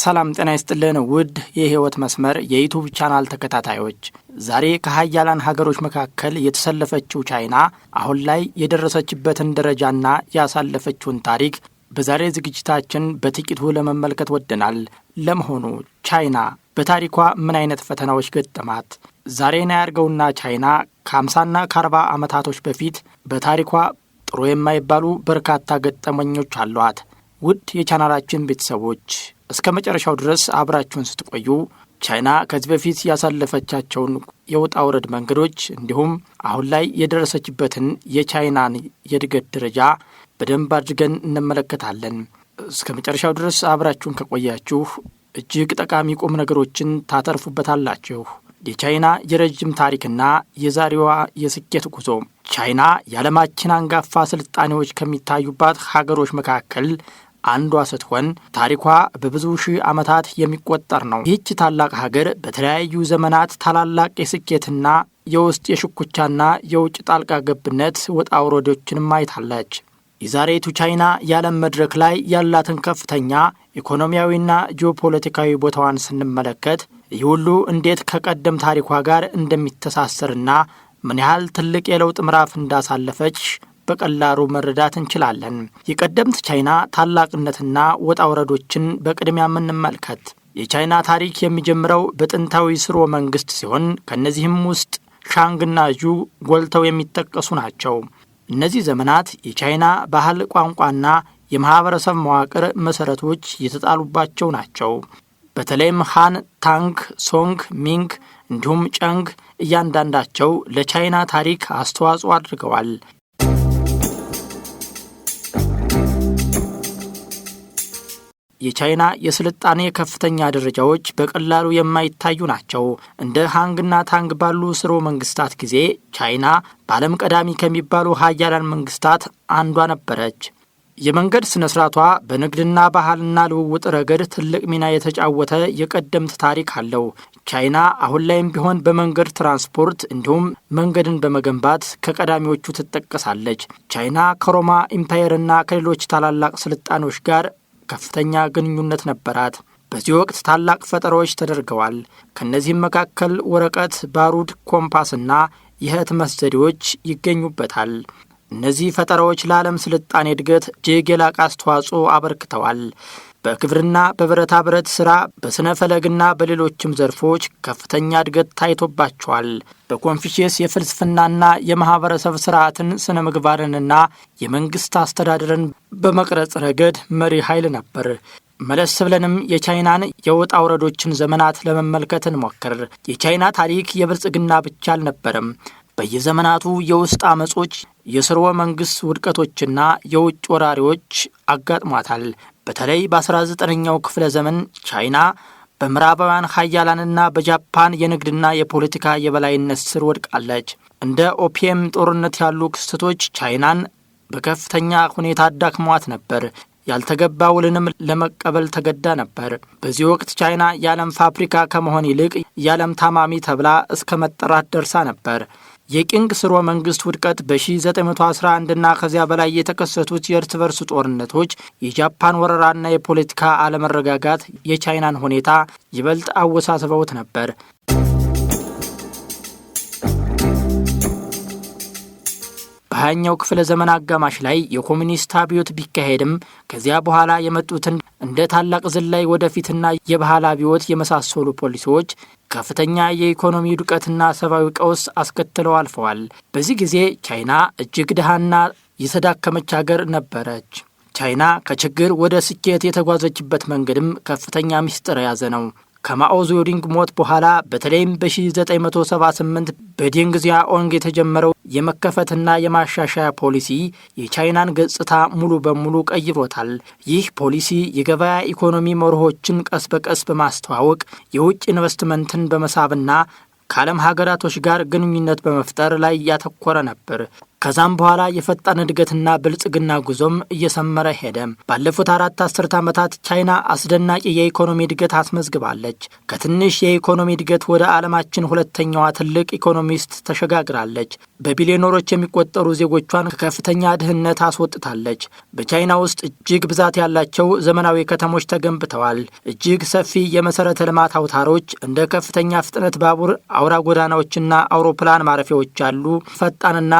ሰላም ጤና ይስጥልን ውድ የህይወት መስመር የዩቱብ ቻናል ተከታታዮች፣ ዛሬ ከሀያላን ሀገሮች መካከል የተሰለፈችው ቻይና አሁን ላይ የደረሰችበትን ደረጃና ያሳለፈችውን ታሪክ በዛሬ ዝግጅታችን በጥቂቱ ለመመልከት ወደናል። ለመሆኑ ቻይና በታሪኳ ምን አይነት ፈተናዎች ገጠማት? ዛሬ ና ያርገውና ቻይና ከአምሳና ከአርባ ዓመታቶች በፊት በታሪኳ ጥሩ የማይባሉ በርካታ ገጠመኞች አሏት። ውድ የቻናላችን ቤተሰቦች እስከ መጨረሻው ድረስ አብራችሁን ስትቆዩ ቻይና ከዚህ በፊት ያሳለፈቻቸውን የውጣ ውረድ መንገዶች እንዲሁም አሁን ላይ የደረሰችበትን የቻይናን የእድገት ደረጃ በደንብ አድርገን እንመለከታለን። እስከ መጨረሻው ድረስ አብራችሁን ከቆያችሁ እጅግ ጠቃሚ ቁም ነገሮችን ታተርፉበታላችሁ። የቻይና የረዥም ታሪክና የዛሬዋ የስኬት ጉዞ። ቻይና የዓለማችን አንጋፋ ስልጣኔዎች ከሚታዩባት ሀገሮች መካከል አንዷ ስትሆን ታሪኳ በብዙ ሺህ ዓመታት የሚቆጠር ነው። ይህች ታላቅ ሀገር በተለያዩ ዘመናት ታላላቅ የስኬትና የውስጥ የሽኩቻና የውጭ ጣልቃ ገብነት ወጣ ውረዶችንም አይታለች። የዛሬቱ ቻይና የዓለም መድረክ ላይ ያላትን ከፍተኛ ኢኮኖሚያዊና ጂኦፖለቲካዊ ቦታዋን ስንመለከት ይህ ሁሉ እንዴት ከቀደም ታሪኳ ጋር እንደሚተሳሰርና ምን ያህል ትልቅ የለውጥ ምዕራፍ እንዳሳለፈች በቀላሉ መረዳት እንችላለን። የቀደምት ቻይና ታላቅነትና ወጣ ወረዶችን በቅድሚያ እንመልከት። የቻይና ታሪክ የሚጀምረው በጥንታዊ ስርወ መንግስት ሲሆን ከእነዚህም ውስጥ ሻንግና ዡ ጎልተው የሚጠቀሱ ናቸው። እነዚህ ዘመናት የቻይና ባህል፣ ቋንቋና የማህበረሰብ መዋቅር መሠረቶች የተጣሉባቸው ናቸው። በተለይም ሃን፣ ታንግ፣ ሶንግ፣ ሚንግ እንዲሁም ጨንግ እያንዳንዳቸው ለቻይና ታሪክ አስተዋጽኦ አድርገዋል። የቻይና የስልጣኔ ከፍተኛ ደረጃዎች በቀላሉ የማይታዩ ናቸው። እንደ ሃንግና ታንግ ባሉ ስሮ መንግስታት ጊዜ ቻይና በዓለም ቀዳሚ ከሚባሉ ሀያላን መንግስታት አንዷ ነበረች። የመንገድ ስነ ስርዓቷ በንግድና ባህልና ልውውጥ ረገድ ትልቅ ሚና የተጫወተ የቀደምት ታሪክ አለው። ቻይና አሁን ላይም ቢሆን በመንገድ ትራንስፖርት እንዲሁም መንገድን በመገንባት ከቀዳሚዎቹ ትጠቀሳለች። ቻይና ከሮማ ኢምፓየርና ከሌሎች ታላላቅ ስልጣኔዎች ጋር ከፍተኛ ግንኙነት ነበራት። በዚህ ወቅት ታላቅ ፈጠራዎች ተደርገዋል። ከእነዚህም መካከል ወረቀት፣ ባሩድ፣ ኮምፓስና የህትመት ዘዴዎች ይገኙበታል። እነዚህ ፈጠራዎች ለዓለም ስልጣኔ እድገት እጅግ የላቀ አስተዋጽኦ አበርክተዋል። በክብርና በብረታ ብረት ስራ በሥነ ፈለግና በሌሎችም ዘርፎች ከፍተኛ እድገት ታይቶባቸዋል። በኮንፊሽየስ የፍልስፍናና የማህበረሰብ ስርዓትን ሥነ ምግባርንና የመንግስት አስተዳደርን በመቅረጽ ረገድ መሪ ኃይል ነበር። መለስ ብለንም የቻይናን የውጣ ውረዶችን ዘመናት ለመመልከት እንሞክር። የቻይና ታሪክ የብልጽግና ብቻ አልነበረም። በየዘመናቱ የውስጥ አመጾች፣ የስርወ መንግስት ውድቀቶችና የውጭ ወራሪዎች አጋጥሟታል። በተለይ በ19ኛው ክፍለ ዘመን ቻይና በምዕራባውያን ሀያላንና በጃፓን የንግድና የፖለቲካ የበላይነት ስር ወድቃለች። እንደ ኦፒየም ጦርነት ያሉ ክስተቶች ቻይናን በከፍተኛ ሁኔታ አዳክሟት ነበር። ያልተገባ ውልንም ለመቀበል ተገዳ ነበር። በዚህ ወቅት ቻይና የዓለም ፋብሪካ ከመሆን ይልቅ የዓለም ታማሚ ተብላ እስከ መጠራት ደርሳ ነበር። የቅንግ ስርወ መንግስት ውድቀት በ1911 እና ከዚያ በላይ የተከሰቱት የእርስ በርስ ጦርነቶች፣ የጃፓን ወረራና የፖለቲካ አለመረጋጋት የቻይናን ሁኔታ ይበልጥ አወሳስበውት ነበር። በሀኛው ክፍለ ዘመን አጋማሽ ላይ የኮሚኒስት አብዮት ቢካሄድም ከዚያ በኋላ የመጡትን እንደ ታላቅ ዝላይ ወደፊትና የባህል አብዮት የመሳሰሉ ፖሊሲዎች ከፍተኛ የኢኮኖሚ ውድቀትና ሰብአዊ ቀውስ አስከትለው አልፈዋል። በዚህ ጊዜ ቻይና እጅግ ድሃና የተዳከመች ሀገር ነበረች። ቻይና ከችግር ወደ ስኬት የተጓዘችበት መንገድም ከፍተኛ ምስጢር የያዘ ነው። ከማኦ ዜዲንግ ሞት በኋላ በተለይም በ1978 በዴንግ ዚያኦንግ የተጀመረው የመከፈትና የማሻሻያ ፖሊሲ የቻይናን ገጽታ ሙሉ በሙሉ ቀይሮታል። ይህ ፖሊሲ የገበያ ኢኮኖሚ መርሆችን ቀስ በቀስ በማስተዋወቅ የውጭ ኢንቨስትመንትን በመሳብና ከዓለም ሀገራቶች ጋር ግንኙነት በመፍጠር ላይ ያተኮረ ነበር። ከዛም በኋላ የፈጣን እድገትና ብልጽግና ጉዞም እየሰመረ ሄደ። ባለፉት አራት አስርት ዓመታት ቻይና አስደናቂ የኢኮኖሚ እድገት አስመዝግባለች። ከትንሽ የኢኮኖሚ እድገት ወደ ዓለማችን ሁለተኛዋ ትልቅ ኢኮኖሚስት ተሸጋግራለች። በቢሊዮነሮች የሚቆጠሩ ዜጎቿን ከከፍተኛ ድህነት አስወጥታለች። በቻይና ውስጥ እጅግ ብዛት ያላቸው ዘመናዊ ከተሞች ተገንብተዋል። እጅግ ሰፊ የመሰረተ ልማት አውታሮች እንደ ከፍተኛ ፍጥነት ባቡር፣ አውራ ጎዳናዎችና አውሮፕላን ማረፊያዎች ያሉ ፈጣንና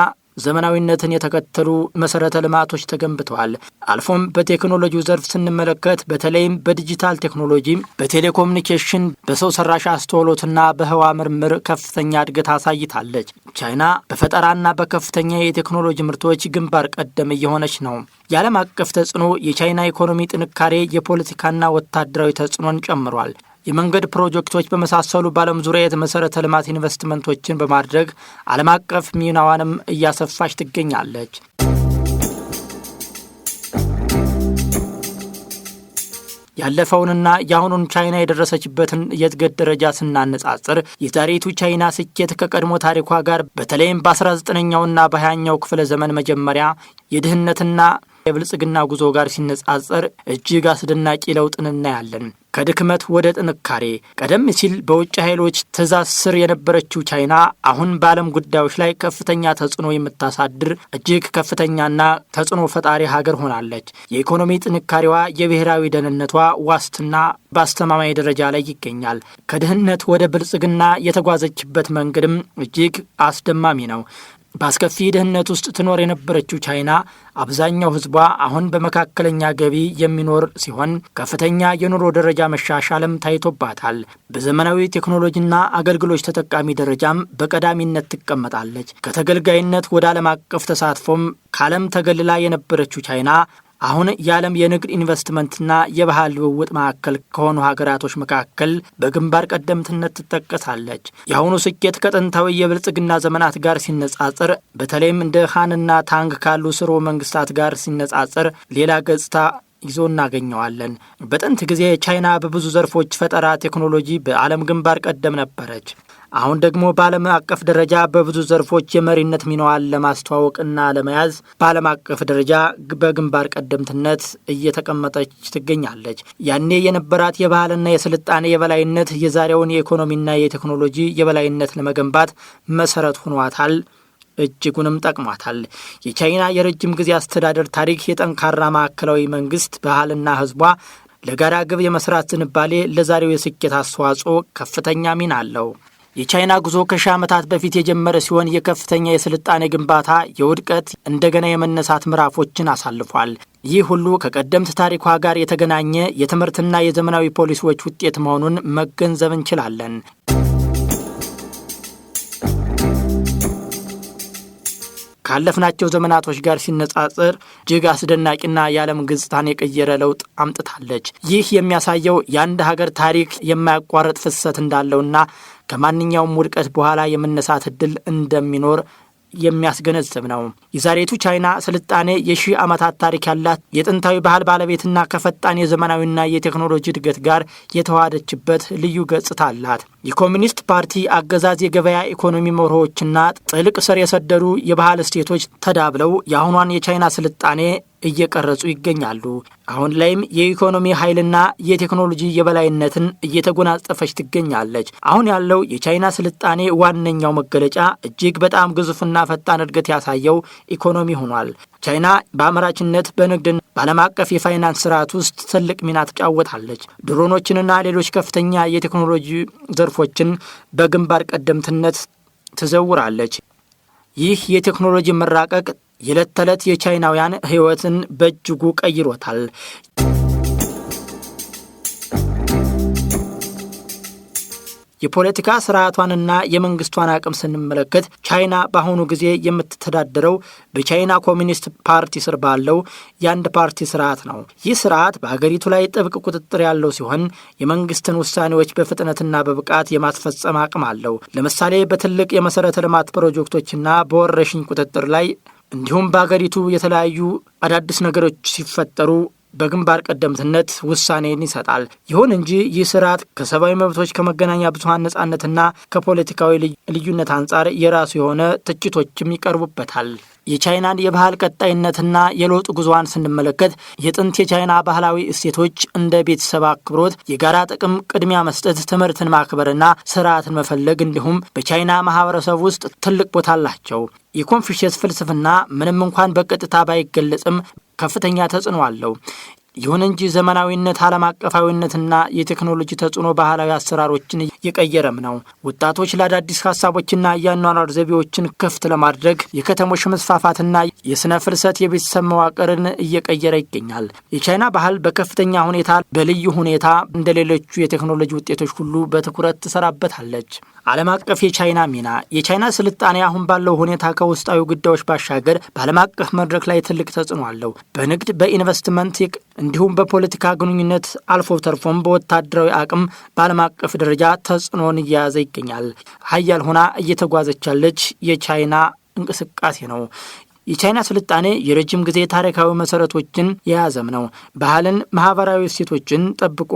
ዘመናዊነትን የተከተሉ መሰረተ ልማቶች ተገንብተዋል። አልፎም በቴክኖሎጂው ዘርፍ ስንመለከት በተለይም በዲጂታል ቴክኖሎጂ፣ በቴሌኮሙኒኬሽን፣ በሰው ሰራሽ አስተውሎትና በህዋ ምርምር ከፍተኛ እድገት አሳይታለች። ቻይና በፈጠራና በከፍተኛ የቴክኖሎጂ ምርቶች ግንባር ቀደም እየሆነች ነው። የዓለም አቀፍ ተጽዕኖ የቻይና ኢኮኖሚ ጥንካሬ የፖለቲካና ወታደራዊ ተጽዕኖን ጨምሯል። የመንገድ ፕሮጀክቶች በመሳሰሉ በዓለም ዙሪያ የተመሰረተ ልማት ኢንቨስትመንቶችን በማድረግ ዓለም አቀፍ ሚናዋንም እያሰፋች ትገኛለች። ያለፈውንና የአሁኑን ቻይና የደረሰችበትን የእድገት ደረጃ ስናነጻጽር የዛሬቱ ቻይና ስኬት ከቀድሞ ታሪኳ ጋር በተለይም በ19ኛውና በ20ኛው ክፍለ ዘመን መጀመሪያ የድህነትና የብልጽግና ጉዞ ጋር ሲነጻጸር እጅግ አስደናቂ ለውጥ እናያለን። ከድክመት ወደ ጥንካሬ። ቀደም ሲል በውጭ ኃይሎች ትእዛዝ ስር የነበረችው ቻይና አሁን በዓለም ጉዳዮች ላይ ከፍተኛ ተጽዕኖ የምታሳድር እጅግ ከፍተኛና ተጽዕኖ ፈጣሪ ሀገር ሆናለች። የኢኮኖሚ ጥንካሬዋ፣ የብሔራዊ ደህንነቷ ዋስትና በአስተማማኝ ደረጃ ላይ ይገኛል። ከድህነት ወደ ብልጽግና የተጓዘችበት መንገድም እጅግ አስደማሚ ነው። በአስከፊ ድህነት ውስጥ ትኖር የነበረችው ቻይና አብዛኛው ህዝቧ አሁን በመካከለኛ ገቢ የሚኖር ሲሆን ከፍተኛ የኑሮ ደረጃ መሻሻልም ታይቶባታል። በዘመናዊ ቴክኖሎጂና አገልግሎች ተጠቃሚ ደረጃም በቀዳሚነት ትቀመጣለች። ከተገልጋይነት ወደ ዓለም አቀፍ ተሳትፎም ከዓለም ተገልላ የነበረችው ቻይና አሁን የዓለም የንግድ ኢንቨስትመንትና የባህል ልውውጥ ማዕከል ከሆኑ ሀገራቶች መካከል በግንባር ቀደምትነት ትጠቀሳለች። የአሁኑ ስኬት ከጥንታዊ የብልጽግና ዘመናት ጋር ሲነጻጽር፣ በተለይም እንደ ሃንና ታንግ ካሉ ስሮ መንግስታት ጋር ሲነጻጽር ሌላ ገጽታ ይዞ እናገኘዋለን። በጥንት ጊዜ ቻይና በብዙ ዘርፎች ፈጠራ ቴክኖሎጂ በዓለም ግንባር ቀደም ነበረች። አሁን ደግሞ በዓለም አቀፍ ደረጃ በብዙ ዘርፎች የመሪነት ሚናዋን ለማስተዋወቅና ለመያዝ በዓለም አቀፍ ደረጃ በግንባር ቀደምትነት እየተቀመጠች ትገኛለች። ያኔ የነበራት የባህልና የስልጣኔ የበላይነት የዛሬውን የኢኮኖሚና የቴክኖሎጂ የበላይነት ለመገንባት መሰረት ሆኗታል። እጅጉንም ጠቅሟታል። የቻይና የረጅም ጊዜ አስተዳደር ታሪክ የጠንካራ ማዕከላዊ መንግስት ባህልና ህዝቧ ለጋራ ግብ የመስራት ዝንባሌ ለዛሬው የስኬት አስተዋጽኦ ከፍተኛ ሚና አለው። የቻይና ጉዞ ከሺህ ዓመታት በፊት የጀመረ ሲሆን የከፍተኛ የስልጣኔ ግንባታ፣ የውድቀት፣ እንደገና የመነሳት ምዕራፎችን አሳልፏል። ይህ ሁሉ ከቀደምት ታሪኳ ጋር የተገናኘ የትምህርትና የዘመናዊ ፖሊሲዎች ውጤት መሆኑን መገንዘብ እንችላለን። ካለፍናቸው ዘመናቶች ጋር ሲነጻጽር እጅግ አስደናቂና የዓለም ገጽታን የቀየረ ለውጥ አምጥታለች። ይህ የሚያሳየው የአንድ ሀገር ታሪክ የማያቋርጥ ፍሰት እንዳለውና ከማንኛውም ውድቀት በኋላ የመነሳት ዕድል እንደሚኖር የሚያስገነዝብ ነው። የዛሬቱ ቻይና ስልጣኔ የሺህ ዓመታት ታሪክ ያላት የጥንታዊ ባህል ባለቤትና ከፈጣን የዘመናዊና የቴክኖሎጂ እድገት ጋር የተዋሃደችበት ልዩ ገጽታ አላት። የኮሚኒስት ፓርቲ አገዛዝ የገበያ ኢኮኖሚ መርሆዎችና ጥልቅ ስር የሰደዱ የባህል እሴቶች ተዳብለው የአሁኗን የቻይና ስልጣኔ እየቀረጹ ይገኛሉ። አሁን ላይም የኢኮኖሚ ኃይልና የቴክኖሎጂ የበላይነትን እየተጎናጸፈች ትገኛለች። አሁን ያለው የቻይና ስልጣኔ ዋነኛው መገለጫ እጅግ በጣም ግዙፍና ፈጣን እድገት ያሳየው ኢኮኖሚ ሆኗል። ቻይና በአምራችነት በንግድና በዓለም አቀፍ የፋይናንስ ስርዓት ውስጥ ትልቅ ሚና ትጫወታለች። ድሮኖችንና ሌሎች ከፍተኛ የቴክኖሎጂ ዘርፎችን በግንባር ቀደምትነት ትዘውራለች። ይህ የቴክኖሎጂ መራቀቅ የዕለት ተዕለት የቻይናውያን ሕይወትን በእጅጉ ቀይሮታል። የፖለቲካ ስርዓቷንና የመንግስቷን አቅም ስንመለከት ቻይና በአሁኑ ጊዜ የምትተዳደረው በቻይና ኮሚኒስት ፓርቲ ስር ባለው የአንድ ፓርቲ ስርዓት ነው። ይህ ስርዓት በአገሪቱ ላይ ጥብቅ ቁጥጥር ያለው ሲሆን የመንግስትን ውሳኔዎች በፍጥነትና በብቃት የማስፈጸም አቅም አለው። ለምሳሌ በትልቅ የመሰረተ ልማት ፕሮጀክቶችና በወረሽኝ ቁጥጥር ላይ እንዲሁም በአገሪቱ የተለያዩ አዳዲስ ነገሮች ሲፈጠሩ በግንባር ቀደምትነት ውሳኔን ይሰጣል። ይሁን እንጂ ይህ ስርዓት ከሰብአዊ መብቶች ከመገናኛ ብዙሀን ነጻነትና ከፖለቲካዊ ልዩነት አንጻር የራሱ የሆነ ትችቶችም ይቀርቡበታል። የቻይናን የባህል ቀጣይነትና የለውጥ ጉዞዋን ስንመለከት የጥንት የቻይና ባህላዊ እሴቶች እንደ ቤተሰብ አክብሮት፣ የጋራ ጥቅም ቅድሚያ መስጠት፣ ትምህርትን ማክበርና ስርዓትን መፈለግ እንዲሁም በቻይና ማህበረሰብ ውስጥ ትልቅ ቦታ አላቸው። የኮንፊሽየስ ፍልስፍና ምንም እንኳን በቀጥታ ባይገለጽም ከፍተኛ ተጽዕኖ አለው። ይሁን እንጂ ዘመናዊነት፣ ዓለም አቀፋዊነትና የቴክኖሎጂ ተጽዕኖ ባህላዊ አሰራሮችን የቀየረም ነው። ወጣቶች ለአዳዲስ ሀሳቦችና የአኗኗር ዘይቤዎችን ክፍት ለማድረግ የከተሞች መስፋፋትና የስነ ፍልሰት የቤተሰብ መዋቅርን እየቀየረ ይገኛል። የቻይና ባህል በከፍተኛ ሁኔታ በልዩ ሁኔታ እንደ የቴክኖሎጂ ውጤቶች ሁሉ በትኩረት ትሰራበታለች። ዓለም አቀፍ የቻይና ሚና የቻይና ስልጣኔ አሁን ባለው ሁኔታ ከውስጣዊ ጉዳዮች ባሻገር በዓለም አቀፍ መድረክ ላይ ትልቅ ተጽዕኖ አለው። በንግድ፣ በኢንቨስትመንት እንዲሁም በፖለቲካ ግንኙነት አልፎ ተርፎም በወታደራዊ አቅም በዓለም አቀፍ ደረጃ ተጽዕኖን እየያዘ ይገኛል። ሀያል ሆና እየተጓዘች ያለች የቻይና እንቅስቃሴ ነው። የቻይና ስልጣኔ የረጅም ጊዜ ታሪካዊ መሰረቶችን የያዘም ነው። ባህልን፣ ማህበራዊ እሴቶችን ጠብቆ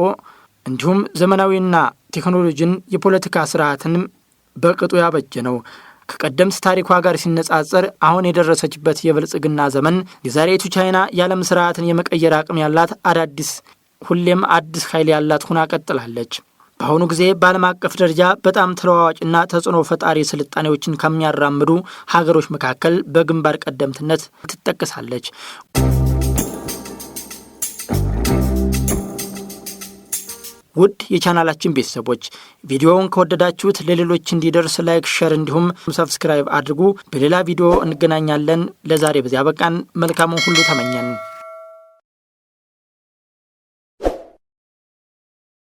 እንዲሁም ዘመናዊና ቴክኖሎጂን የፖለቲካ ስርዓትን በቅጡ ያበጀ ነው። ከቀደምት ታሪኳ ጋር ሲነጻጸር አሁን የደረሰችበት የብልጽግና ዘመን የዛሬቱ ቻይና የዓለም ስርዓትን የመቀየር አቅም ያላት አዳዲስ ሁሌም አዲስ ኃይል ያላት ሁና ቀጥላለች። በአሁኑ ጊዜ በዓለም አቀፍ ደረጃ በጣም ተለዋዋጭና ተጽዕኖ ፈጣሪ ስልጣኔዎችን ከሚያራምዱ ሀገሮች መካከል በግንባር ቀደምትነት ትጠቀሳለች። ውድ የቻናላችን ቤተሰቦች ቪዲዮውን ከወደዳችሁት ለሌሎች እንዲደርስ ላይክ፣ ሸር እንዲሁም ሰብስክራይብ አድርጉ። በሌላ ቪዲዮ እንገናኛለን። ለዛሬ በዚያ በቃን። መልካሙን ሁሉ ተመኘን።